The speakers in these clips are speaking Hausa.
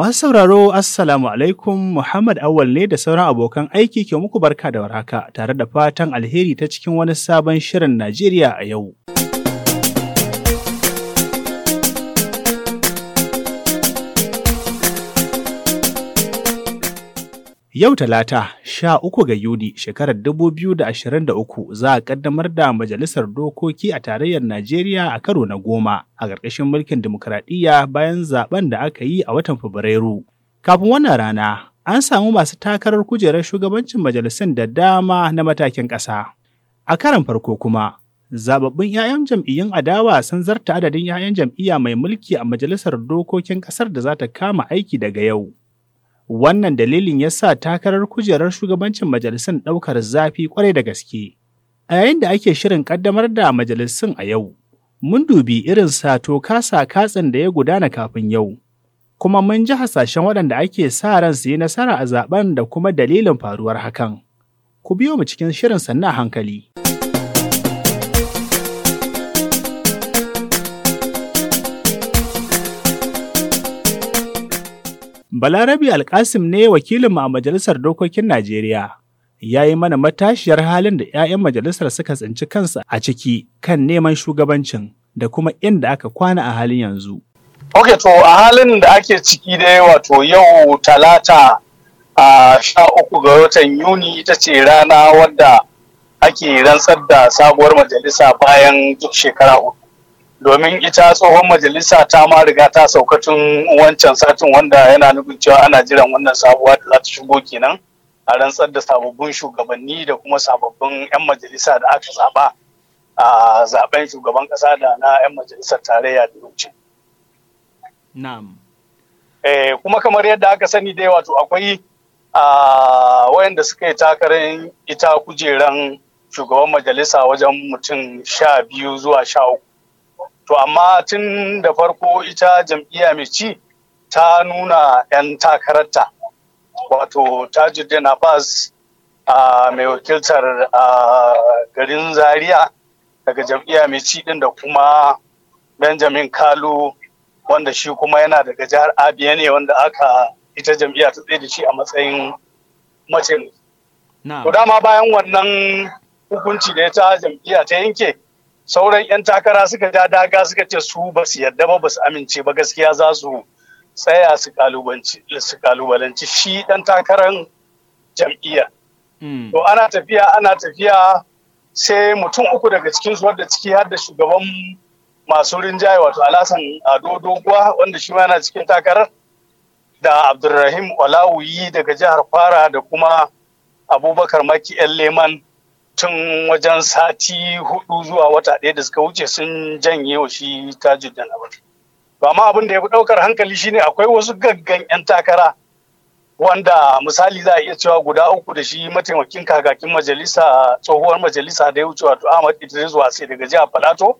Masu sauraro Assalamu alaikum Muhammad Awal ne da sauran abokan aiki ke muku barka da warhaka tare da fatan alheri ta cikin wani sabon shirin Najeriya a yau. Yau Talata, sha uku ga Yuni shekarar dubu biyu da da ashirin uku, za a kaddamar da Majalisar Dokoki a Tarayyar Najeriya a karo na goma a ƙarƙashin mulkin dimokuraɗiyya bayan zaben da aka yi a watan Fabrairu. Kafin wannan rana, an samu masu takarar kujerar shugabancin majalisun da dama na matakin ƙasa. A karan farko kuma, zababbin 'ya'yan jam'iyyun adawa sun zarta adadin 'ya'yan jam'iyya mai mulki a Majalisar Dokokin ƙasar da za ta kama aiki daga yau. Wannan dalilin ya sa takarar kujerar shugabancin majalisun ɗaukar zafi kwarai da gaske. A yayin da ake shirin ƙaddamar da majalisun a yau, mun dubi irin sato kasa katsin da ya gudana kafin yau, kuma mun ji hasashen waɗanda ake sa ran su yi nasara a zaben da kuma dalilin faruwar hakan. Ku biyo mu cikin shirin sannan hankali. Balarabi Alkasim ne wakilinmu a Majalisar Dokokin Najeriya. Ya yi mana matashiyar halin da 'ya'yan majalisar suka tsinci kansa a ciki kan neman shugabancin da kuma inda aka kwana a halin yanzu. Ok, to a halin da ake ciki yawa wato yau talata a sha uku ga watan Yuni ita ce rana wadda ake rantsar da sabuwar majalisa bayan duk shekara uku. domin ita tsohon majalisa ta ma riga ta saukacin wancan satin wanda yana nufin cewa ana jiran wannan sabuwa da za ta shigo kenan a rantsar da sababbin shugabanni da kuma sababbin 'yan majalisa da aka zaba a zaben shugaban kasa da na 'yan majalisar tarayya da wuce. Na'am. Eh, kuma kamar yadda aka sani dai wato akwai a wayanda suka yi takarar ita kujeran shugaban majalisa wajen mutum sha biyu zuwa sha uku to amma tun da farko ita jam'iyya mai ci ta nuna 'yan takararta wato tajuddin abbas a mai wakiltar garin zaria daga jam'iyya mai ci din da kuma benjamin kalu wanda shi kuma yana daga jihar abia ne wanda aka ita jam'iyya ta tsaye da shi a matsayin mace to dama bayan wannan hukunci da ita jam'iyya ta yanke sauran 'yan takara suka ja daga suka ce su ba su yarda ba ba su amince ba gaskiya za su tsaya su kalubalanci shi ɗan takarar jam'iyya. Hmm. To ana tafiya ana tafiya sai mutum uku daga cikinsu wadda ciki har da shugaban masu rinjaye wato alasan ado doguwa wanda shi ma yana cikin takarar da abdulrahim olawuyi daga jihar kwara da kuma abubakar maki yan leman tun wajen sati hudu zuwa wata ɗaya da suka wuce sun janye wa shi jirgin abin ba ma abin da ya fi ɗaukar hankali shine akwai wasu gaggan 'yan takara wanda misali za a iya cewa guda uku da shi mataimakin kakakin majalisa tsohuwar majalisa da ya wuce wato ahmad idris wase daga jihar filato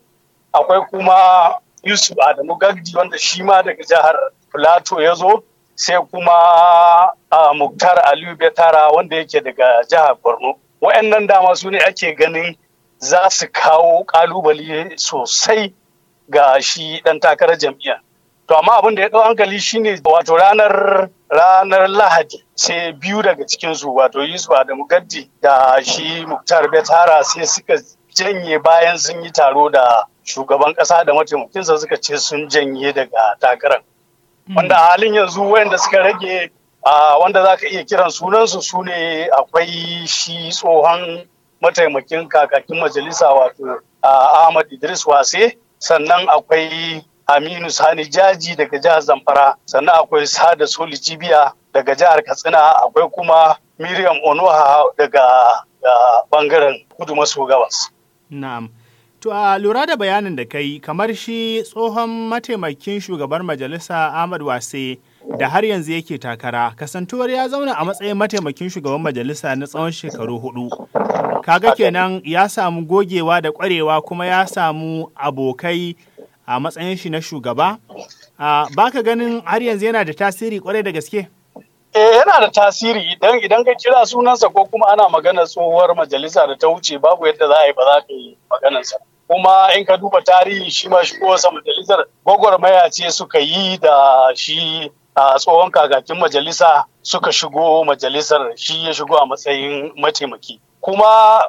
akwai kuma yusuf adamu gagdi wanda shi ma daga jihar filato ya zo sai kuma ah, muktar aliyu betara wanda yake daga jihar borno wa'annan dama su ne ake ganin za su kawo kalubale sosai ga shi dan takarar jam'iyya. to amma abin da ya ɗau hankali shine wato ranar ranar lahadi sai biyu daga cikinsu wato yusuf adamu gaddi da shi muktar betara sai suka janye bayan sun yi taro da shugaban ƙasa da mataimakinsa suka ce sun janye daga takarar wanda halin yanzu wayanda suka rage wanda za ka iya kiran sunansu su ne akwai shi tsohon mataimakin kakakin majalisa wato ahmad idris wase sannan akwai aminu sani jaji daga jihar zamfara sannan akwai sada soli jibiya daga jihar katsina akwai kuma miriam onuha daga bangaren kudu maso gabas na'am To a lura da bayanin da kai kamar shi tsohon mataimakin shugaban majalisa Ahmad Wase da har yanzu yake takara kasantuwar ya zauna a matsayin mataimakin shugaban majalisa na tsawon shekaru hudu kaga kenan ya samu gogewa da kwarewa kuma ya samu abokai a matsayin shi na shugaba ba ka ganin har yanzu yana da tasiri kwarai da gaske Eh yana da tasiri idan idan ka kira sunansa ko kuma ana maganar tsohuwar majalisa da ta wuce babu yadda za a yi ba za ka yi maganarsa. kuma in ka duba tarihi shi ma shi kowace majalisar gwagwarmaya ce suka yi da shi a tsohon kagakin majalisa suka shigo majalisar shi ya shigo a matsayin mataimaki kuma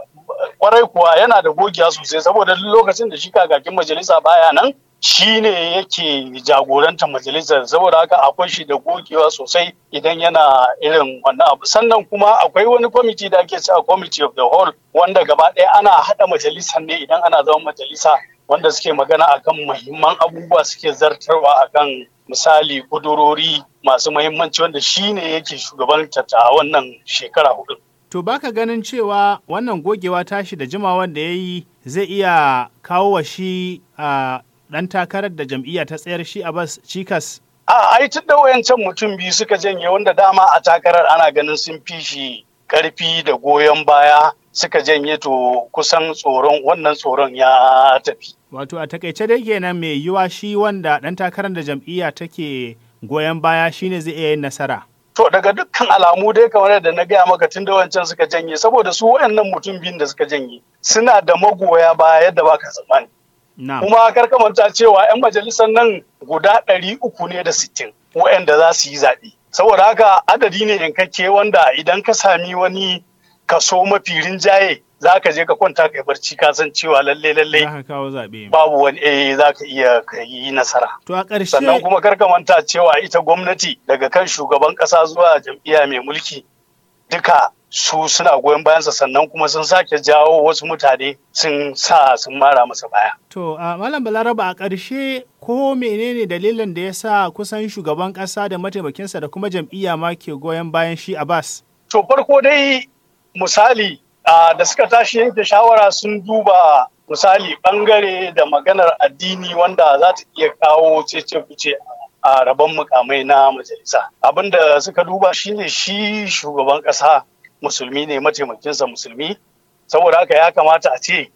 kwarai kuwa yana da gogiya sosai saboda lokacin da shi kagakin majalisa baya nan shi ne yake jagorantar majalisar saboda haka akwai shi da gogewa sosai idan yana irin wannan abu sannan kuma akwai wani kwamiti da ake ci a kwamiti of the hall wanda gaba ɗaya ana haɗa majalisar ne idan ana zama majalisa wanda suke magana akan muhimman abubuwa suke zartarwa akan misali kudurori masu muhimmanci wanda shi ne yake shugaban a wannan shekara hudu. To baka ganin cewa wannan gogewa tashi da jimawan da ya yi zai iya kawo wa shi a ɗan takarar da jam'iyya ta tsayar shi a bas cikas? A ai tun da wayancan mutum biyu suka janye wanda dama a takarar ana ganin sun fi shi ƙarfi da goyon baya suka janye to kusan tsoron wannan tsoron ya tafi. Wato a takaice dai kenan mai yiwa shi wanda ɗan takarar da jam'iyya take goyon baya shine zai iya yin nasara. To daga dukkan alamu dai kamar yadda na gaya maka tun da wancan suka janye saboda su wayannan mutum biyun da suka janye suna da magoya baya yadda baka tsammani. Kuma kar ka manta cewa 'yan majalisar nan guda ɗari uku ne da sittin wayanda za su yi zaɓe. Saboda haka adadi ne yankakke wanda idan ka sami wani ka so mafi rinjaye za ka je ka kwanta ka barci ka san cewa lalle lalle babu wani eh za ka iya ka yi nasara to sannan kuma kar ka manta cewa ita gwamnati daga kan shugaban ƙasa zuwa jam'iyya mai mulki duka su suna goyon bayansa sannan kuma sun sake jawo wasu mutane sun sa sun mara masa baya. To, a Malam Balaraba a ƙarshe ko menene dalilin da ya sa kusan shugaban ƙasa da mataimakinsa da kuma jam'iyya ma ke goyon bayan shi a bas. To, farko dai misali da suka tashi yanke shawara sun duba misali bangare da maganar addini wanda za ta iya kawo cece fice a rabon mukamai na majalisa abinda suka duba shine shi shugaban kasa musulmi ne mataimakinsa musulmi saboda haka ya kamata a ce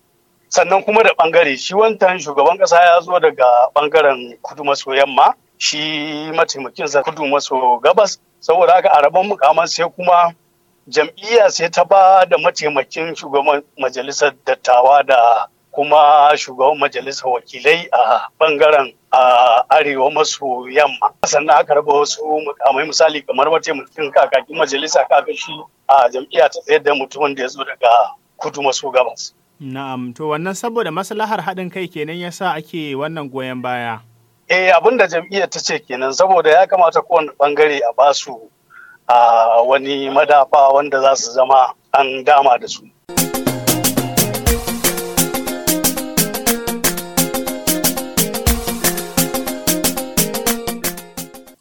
sannan kuma da bangare shi wantan shugaban kasa ya zo daga bangaren kudu maso yamma shi mataimakinsa kudu maso gabas saboda haka a rabon mukaman sai kuma jam'iyya sai ta ba da mataimakin shugaban majalisar dattawa da kuma shugaban majalisar wakilai a bangaren a arewa maso yamma sannan aka raba wasu mukamai misali kamar mataimakin kakakin majalisa kafin shi a jam'iyya ta tsayar da mutumin da ya zo daga kudu maso gabas na'am to wannan saboda maslahar haɗin kai kenan yasa ake wannan goyon baya eh abinda da jam'iyyar ta ce kenan saboda ya kamata kowane bangare a basu a wani madafa wanda za su zama an dama da su.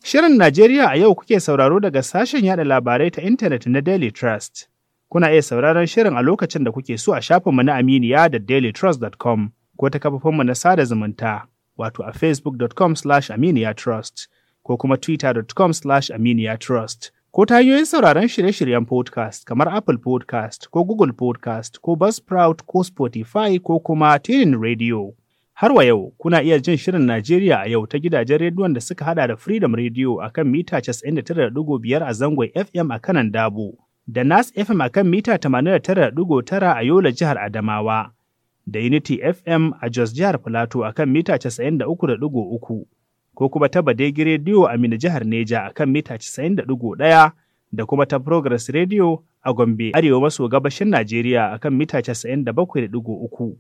Shirin Najeriya a yau kuke sauraro daga sashen yada labarai ta intanet na Daily Trust. Kuna iya sauraron shirin a lokacin da kuke so a shafinmu na Aminiya da dailytrust.com ko ta kafafinmu na sada zumunta wato a facebook.com slash aminiya trust ko kuma twitter.com slash aminiya trust. ko ta hanyoyin sauraron shirye-shiryen podcast kamar Apple podcast ko Google podcast ko Buzzsprout ko Spotify ko kuma Tinin Radio. Har wa yau, kuna iya jin shirin Najeriya a yau ta gidajen rediyon da suka hada da Freedom Radio a kan mita 99.5 a zangon FM a kanan Dabo, da Nas FM a kan mita 89.9 a Yola jihar Adamawa, da Unity FM a Jos jihar Filato a kan mita 93.3. ko kuma ta Badegi Radio a Mina jihar Neja a kan mita 90.1 da kuma ta Progress Radio a Gombe arewa maso gabashin Najeriya a kan mita 97.3.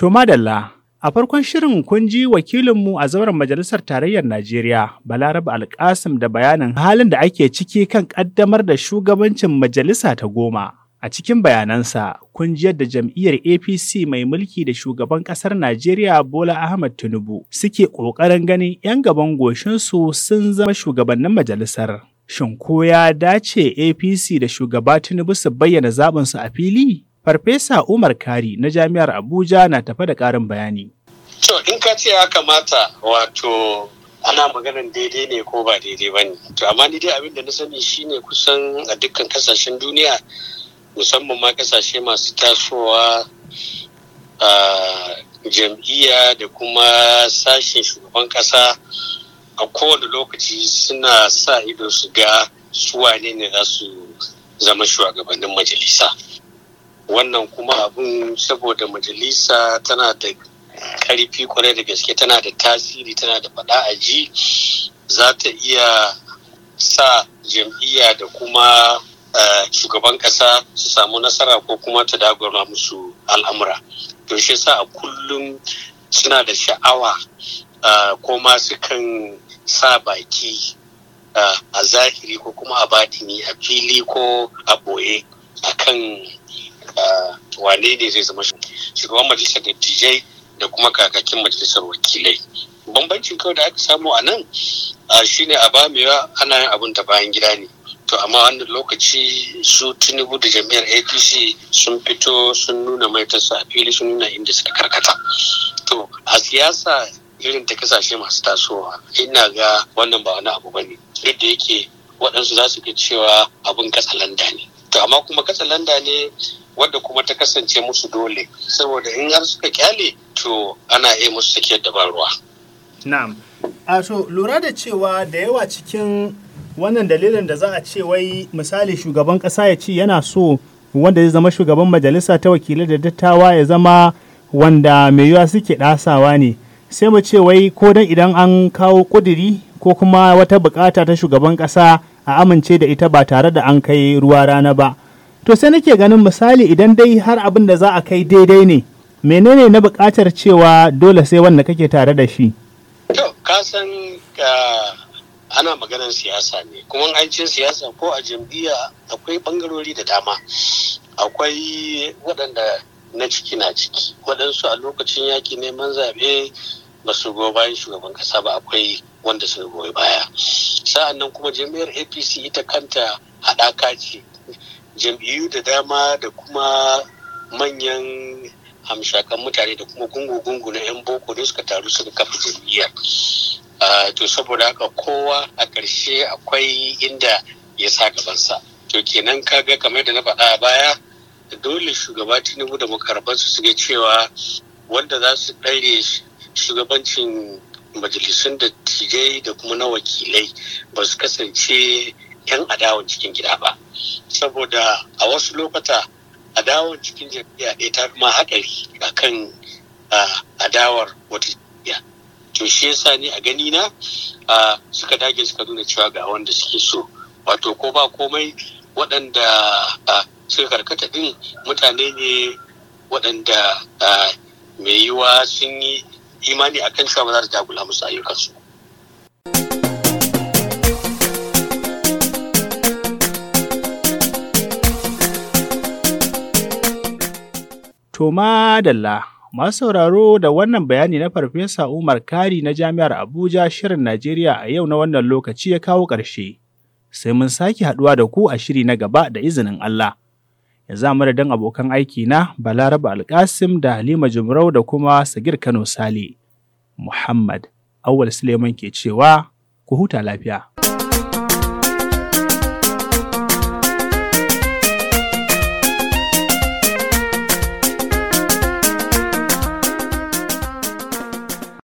To madalla, a farkon shirin kun ji wakilinmu a zauren Majalisar Tarayyar Najeriya, Balarabe Alkasim da bayanin halin da ake ciki kan ƙaddamar da shugabancin majalisa ta goma. A cikin bayanansa, kun ji yadda jam'iyyar APC mai mulki da shugaban ƙasar Najeriya Bola Ahmed Tinubu suke ƙoƙarin ganin 'yan gaban goshinsu sun zama shugabannin majalisar. Shin ko ya dace APC da shugaba Tinubu su bayyana zaɓinsu a fili? Farfesa Umar Kari na Jami'ar Abuja na tafa da ƙarin bayani. To, in ka ce ya kamata wato ana maganin daidai ne ko ba daidai ba ne. To, amma ni dai abin da na sani shine kusan a dukkan kasashen duniya musamman ma kasashe masu tasowa a jam'iyya da kuma sashen shugaban kasa a kowane lokaci suna sa ido su ga su ne ne za su zama shugabannin majalisa wannan kuma abin saboda majalisa tana da karfi kwarai da gaske tana da tasiri tana da faɗa a ji za ta iya sa jam'iyya da kuma shugaban ƙasa su samu nasara ko kuma ta dagwara musu al'amura to shi sa a kullum suna da sha'awa ko ma kan sa baki a zahiri ko kuma a batini a fili ko a boye a kan wane ne zai zama shugaban majalisar dattijai da kuma kakakin majalisar wakilai bambancin kawai da aka samu a nan shine a bamewa ana yin abin ta bayan gida ne to amma wannan lokaci su tinubu da jami'ar apc sun fito sun nuna mai ta fili sun nuna inda suka karkata to a siyasa irin ta kasashe masu tasowa ina ga wannan ba wani abu ne duk da yake waɗansu za su ga cewa abin katsalanda ne to amma kuma katsalanda ne wadda kuma ta kasance musu dole saboda in har suka kyale to ana iya musu sakiyar da na'am a so lura da cewa da yawa cikin wannan dalilin da za a ce wai misali shugaban kasa ya ce yana so wanda zai zama shugaban majalisa ta wakilai da dattawa ya zama wanda mai yiwa suke ɗasawa ne sai mu ce wai ko dan idan an kawo kudiri ko kuma wata bukata ta shugaban kasa a amince da ita ba tare da an kai ruwa rana ba to sai nake ganin misali idan dai har abin da za a kai daidai ne menene na bukatar cewa dole sai wanda kake tare da shi to ah, ana maganar siyasa ne kuma an cin siyasa ko a jam'iyya akwai bangarori da dama akwai waɗanda na ciki na ciki waɗansu a lokacin yaƙi neman zaɓe ba su goyi bayan shugaban ƙasa ba akwai wanda su goyi baya sa'an nan kuma jam'iyyar apc ita kanta haɗaka ce jam'iyyu da dama da kuma manyan hamshakan mutane da kuma gungu-gungu na 'yan boko da suka taru suka kafa jam'iyya to saboda haka kowa a ƙarshe akwai inda ya sa gabansa to kenan kaga kamar da na faɗa a baya dole shugaba tinubu da makarabansu su ga cewa wanda za su ɗare shugabancin majalisun dattijai da kuma na wakilai ba su kasance 'yan adawan cikin gida ba saboda a wasu lokata adawar cikin jam'iyya ɗaya ta ma haɗari akan adawar wata jam'iyya to shi yasa ne a gani na suka dage suka nuna cewa ga wanda suke so wato ko ba komai waɗanda suka karkata ɗin mutane ne waɗanda mai yiwa sun yi imani akan cewa ba za ta dagula musu ayyukansu. To madalla, masu sauraro da wannan bayani na Farfesa Umar Kari na Jami'ar Abuja Shirin Najeriya a yau na wannan lokaci ya kawo ƙarshe. Sai mun sake haɗuwa da ku a shiri na gaba da izinin Allah. Ya za mu dan abokan aiki na Balaraba Alkasim da Halima Jumrau da kuma Sagir Kano Sale. Muhammad Awal Suleiman ke cewa ku huta lafiya.